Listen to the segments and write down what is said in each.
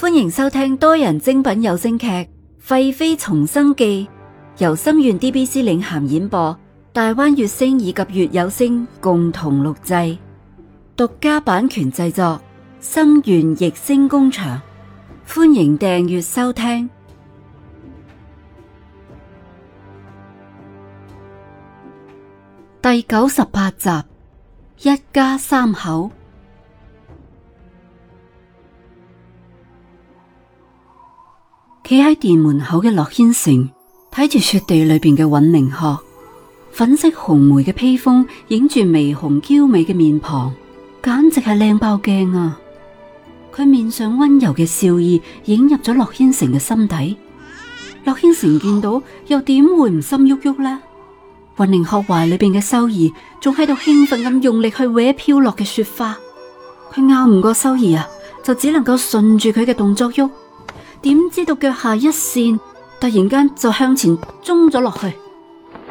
歡迎收聽多人精品有聲劇《廢妃重生記》，由心願 DBC 領銜演播，大灣月星以及月有聲共同錄製，獨家版權製作，心願逸聲工場。歡迎訂閱收聽第九十八集《一家三口》。企喺店門口嘅洛軒城睇住雪地裏邊嘅尹寧鶴，粉色紅梅嘅披風影住微紅嬌美嘅面龐，簡直係靚爆鏡啊！佢面上温柔嘅笑意影入咗洛軒城嘅心底，洛軒城見到又點會唔心喐喐呢？尹寧鶴懷裏邊嘅修兒仲喺度興奮咁用力去搲飄落嘅雪花，佢拗唔過修兒啊，就只能夠順住佢嘅動作喐。點知道腳下一綫突然間就向前衝咗落去，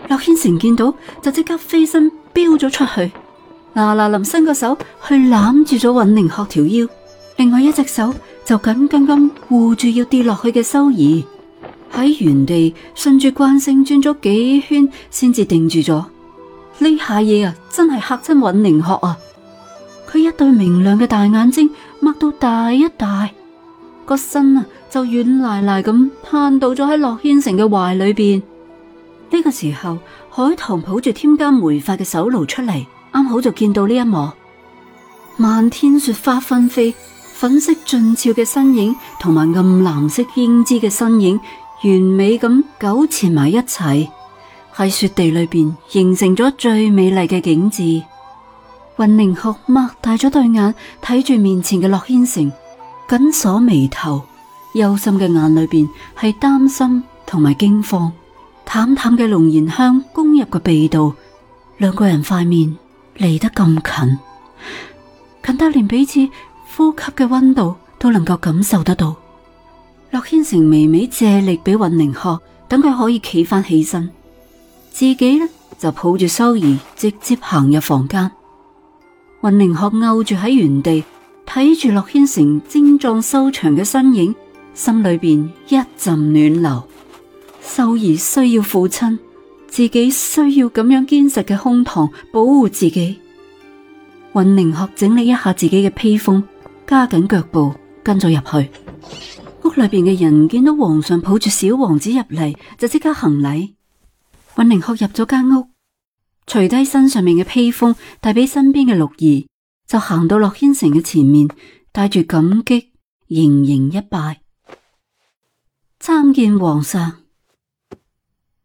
洛軒成見到就即刻飛身飆咗出去，嗱嗱臨伸個手去攬住咗尹寧鶴條腰，另外一隻手就緊緊咁護住要跌落去嘅修儀，喺原地順住慣性轉咗幾圈先至定住咗。呢下嘢啊，真係嚇親尹寧鶴啊！佢一對明亮嘅大眼睛擘到大一大。個身啊，就軟賴賴咁癱倒咗喺洛軒城嘅懷裏邊。呢、這個時候，海棠抱住添加煤發嘅手爐出嚟，啱好就見到呢一幕。漫天雪花紛飛，粉色俊俏嘅身影同埋暗藍色英姿嘅身影，完美咁糾纏埋一齊，喺雪地裏邊形成咗最美麗嘅景致。雲寧哭，擘大咗對眼睇住面前嘅洛軒城。緊鎖眉頭，憂心嘅眼裏邊係擔心同埋驚慌。淡淡嘅龍涎香攻入個鼻道，兩個人塊面離得咁近，近得連彼此呼吸嘅温度都能夠感受得到。洛軒成微微借力俾雲寧鶴，等佢可以企翻起身，自己咧就抱住修兒，直接行入房間。雲寧鶴勾住喺原地。睇住洛軒成精壯修長嘅身影，心裏邊一陣暖流。秀兒需要父親，自己需要咁樣堅實嘅胸膛保護自己。尹寧學整理一下自己嘅披風，加緊腳步跟咗入去。屋裏邊嘅人見到皇上抱住小王子入嚟，就即刻行禮。尹寧學入咗間屋，除低身上面嘅披風，帶俾身邊嘅六兒。就行到洛軒城嘅前面，帶住感激，盈盈一拜，參見皇上。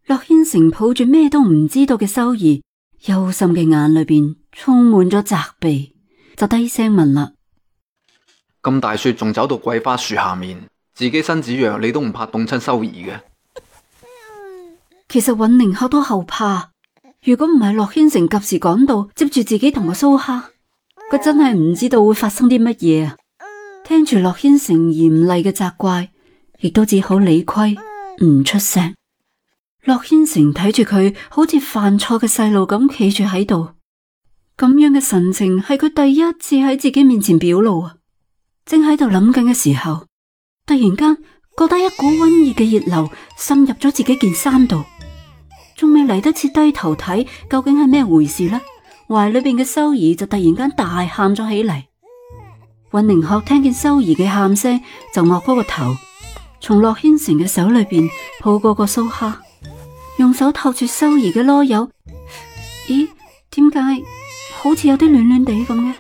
洛軒城抱住咩都唔知道嘅修兒，憂心嘅眼裏邊充滿咗責備，就低聲問啦：咁大雪仲走到桂花樹下面，自己身子弱，你都唔怕凍親修兒嘅？其實允寧吓都後怕，如果唔係洛軒城及時趕到，接住自己同埋蘇蝦。佢真係唔知道會發生啲乜嘢啊！聽住洛軒成嚴厲嘅責怪，亦都只好理虧，唔出聲。洛軒成睇住佢，好似犯錯嘅細路咁企住喺度，咁樣嘅神情係佢第一次喺自己面前表露啊！正喺度諗緊嘅時候，突然間覺得一股溫熱嘅熱流滲入咗自己件衫度，仲未嚟得切低頭睇究竟係咩回事呢？懷裏邊嘅修兒就突然間大喊咗起嚟。尹寧鶴聽見修兒嘅喊聲，就惡嗰個頭從洛軒城嘅手裏邊抱過個蘇蝦，用手透住修兒嘅囉柚。咦，點解好似有啲暖暖地咁嘅？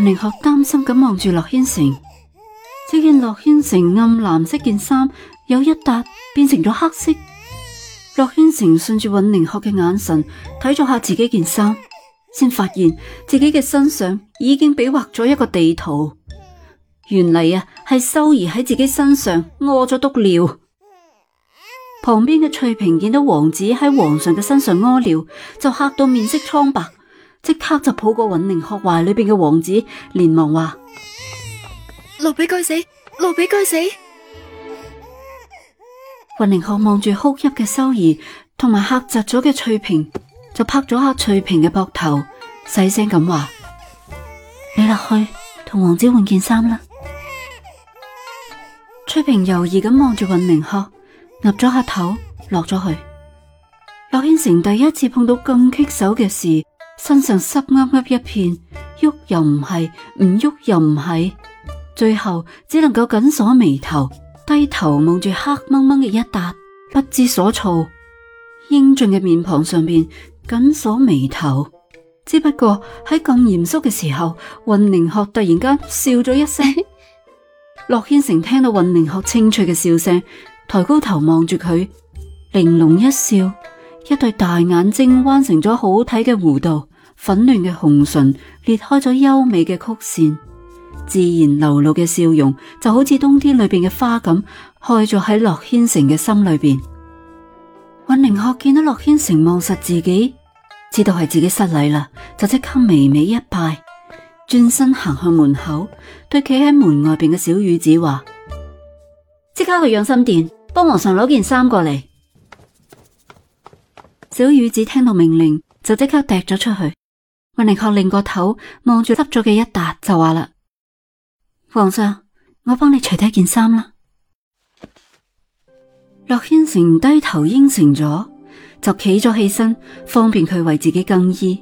尹寧鶴擔心咁望住洛軒城，只見洛軒城暗藍色件衫有一笪變成咗黑色。洛軒城順住尹寧鶴嘅眼神睇咗下自己件衫。先發現自己嘅身上已經俾畫咗一個地圖，原嚟啊係修兒喺自己身上屙咗篤尿。旁邊嘅翠萍見到王子喺皇上嘅身上屙尿，就吓到面色蒼白，即刻就抱過允寧鶴懷裏邊嘅王子，連忙話：奴婢該死，奴婢該死。允寧鶴望住哭泣嘅修兒，同埋吓窒咗嘅翠萍。就拍咗下翠平嘅膊頭，細聲咁話：你落去同王子換件衫啦。 翠平猶豫咁望住運寧鶴，岌咗下頭，落咗去。洛軒成第一次碰到咁棘手嘅事，身上濕立立一片，喐又唔係，唔喐又唔係，最後只能夠緊鎖眉頭，低頭望住黑掹掹嘅一笪，不知所措，英俊嘅面龐上邊。緊鎖眉頭，只不過喺咁嚴肅嘅時候，運寧學突然間笑咗一聲。洛軒成聽到運寧學清脆嘅笑聲，抬高頭望住佢，玲瓏一笑，一對大眼睛彎成咗好睇嘅弧度，粉嫩嘅紅唇裂，裂開咗優美嘅曲線，自然流露嘅笑容就好似冬天裏邊嘅花咁開咗喺洛軒成嘅心裏邊。運寧學見到洛軒成望實自己。知道係自己失禮啦，就即刻微微一拜，轉身行向門口，對企喺門外邊嘅小雨子話：即刻去養心殿幫皇上攞件衫過嚟。小雨子聽到命令就即刻趯咗出去。雲寧鶴擰個頭望住濕咗嘅一笪就話啦：皇上，我幫你除低件衫啦。洛軒成低頭應承咗。就企咗起身，方便佢為自己更衣。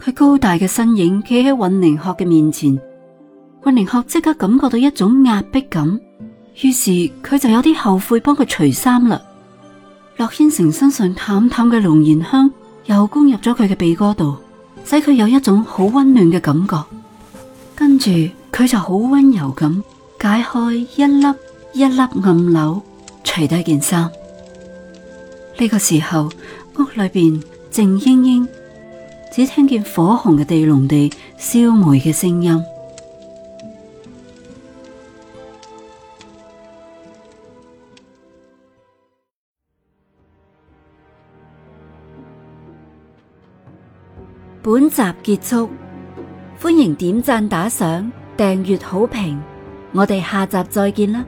佢高大嘅身影企喺尹寧鶴嘅面前，尹寧鶴即刻感覺到一種壓迫感，於是佢就有啲後悔幫佢除衫啦。洛軒成身上淡淡嘅龍涎香又攻入咗佢嘅鼻哥度，使佢有一種好溫暖嘅感覺。跟住佢就好溫柔咁解開一粒一粒暗紐，除低件衫。呢個時候，屋裏邊靜英英，只聽見火紅嘅地龍地燒煤嘅聲音。本集結束，歡迎點讚打賞、訂閱好評，我哋下集再見啦！